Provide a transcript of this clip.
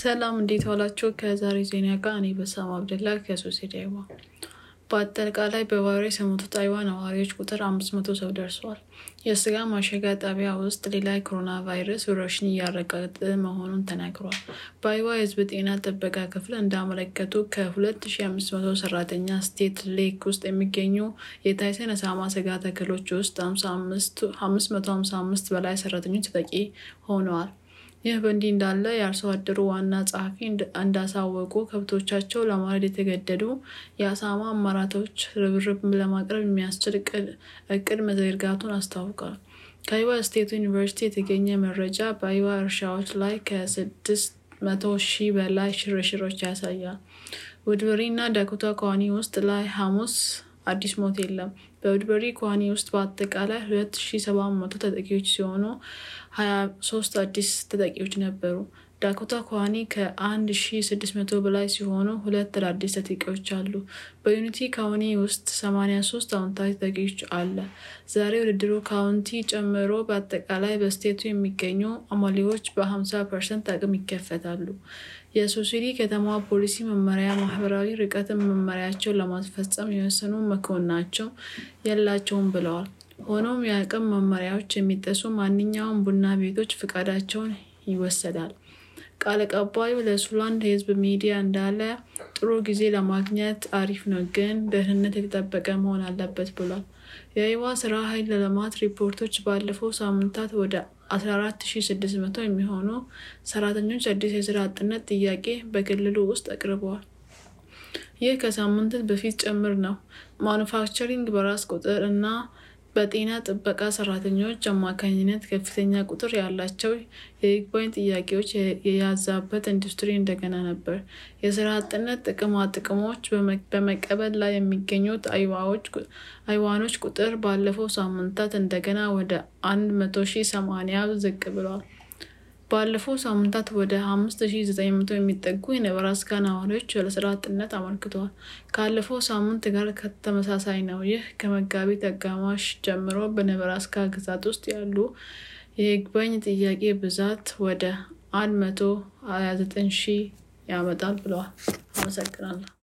ሰላም እንዴት ዋላችሁ? ከዛሬ ዜና ጋር እኔ በሳም አብደላ ከሶሴ ዳይዋ። በአጠቃላይ በቫይረስ የሞቱ ጣይዋ ነዋሪዎች ቁጥር አምስት መቶ ሰው ደርሰዋል። የስጋ ማሸጊያ ጣቢያ ውስጥ ሌላ የኮሮና ቫይረስ ወረርሽኝ እያረጋገጠ መሆኑን ተናግሯል። በአይዋ የህዝብ ጤና ጥበቃ ክፍል እንዳመለከቱ ከ2500 ሰራተኛ ስቴት ሌክ ውስጥ የሚገኙ የታይሰን ሳማ ስጋ ተክሎች ውስጥ 555 በላይ ሰራተኞች ተጠቂ ሆነዋል። ይህ በእንዲህ እንዳለ የአርሶ አደሩ ዋና ጸሐፊ እንዳሳወቁ ከብቶቻቸው ለማረድ የተገደዱ የአሳማ አማራቶች ርብርብ ለማቅረብ የሚያስችል እቅድ መዘርጋቱን አስታውቋል። ከአይዋ ስቴት ዩኒቨርሲቲ የተገኘ መረጃ በአይዋ እርሻዎች ላይ ከስድስት መቶ ሺህ በላይ ሽርሽሮች ያሳያል። ውድብሪ እና ዳኮታ ካውንቲ ውስጥ ላይ ሐሙስ አዲስ ሞት የለም። በውድበሪ ኳኒ ውስጥ በአጠቃላይ 2700 ተጠቂዎች ሲሆኑ 23 አዲስ ተጠቂዎች ነበሩ። ዳኮታ ኳኒ ከ1600 በላይ ሲሆኑ ሁለት አዳዲስ ተጠቂዎች አሉ። በዩኒቲ ካውኒ ውስጥ 83 አዎንታዊ ተጠቂዎች አለ። ዛሬ ውድድሩ ካውንቲ ጨምሮ በአጠቃላይ በስቴቱ የሚገኙ አማሌዎች በ50 ፐርሰንት አቅም ይከፈታሉ። የሱሲዲ ከተማ ፖሊሲ መመሪያ ማህበራዊ ርቀትን መመሪያቸው ለማስፈጸም የወሰኑ መኮንናቸው የላቸውም ብለዋል። ሆኖም የአቅም መመሪያዎች የሚጠሱ ማንኛውም ቡና ቤቶች ፈቃዳቸውን ይወሰዳል። ቃል አቀባዩ ለሱላንድ ህዝብ ሚዲያ እንዳለ ጥሩ ጊዜ ለማግኘት አሪፍ ነው፣ ግን ደህንነት የተጠበቀ መሆን አለበት ብሏል። የአይዋ ስራ ኃይል ለልማት ሪፖርቶች ባለፈው ሳምንታት ወደ 14600 የሚሆኑ ሰራተኞች አዲስ የስራ አጥነት ጥያቄ በክልሉ ውስጥ አቅርበዋል። ይህ ከሳምንታት በፊት ጭምር ነው። ማኑፋክቸሪንግ በራስ ቁጥር እና በጤና ጥበቃ ሰራተኞች አማካኝነት ከፍተኛ ቁጥር ያላቸው የይግባኝ ጥያቄዎች የያዛበት ኢንዱስትሪ እንደገና ነበር። የስራ አጥነት ጥቅማ ጥቅሞች በመቀበል ላይ የሚገኙት አይዋኖች ቁጥር ባለፈው ሳምንታት እንደገና ወደ 100,080 ዝቅ ብሏል። ባለፈው ሳምንታት ወደ 5900 የሚጠጉ የነበራስካ ነዋሪዎች ለስራ አጥነት አመልክተዋል። ካለፈው ሳምንት ጋር ከተመሳሳይ ነው። ይህ ከመጋቢት አጋማሽ ጀምሮ በነበራስካ ግዛት ውስጥ ያሉ የይግባኝ ጥያቄ ብዛት ወደ 129 ሺህ ያመጣል ብለዋል። አመሰግናለሁ።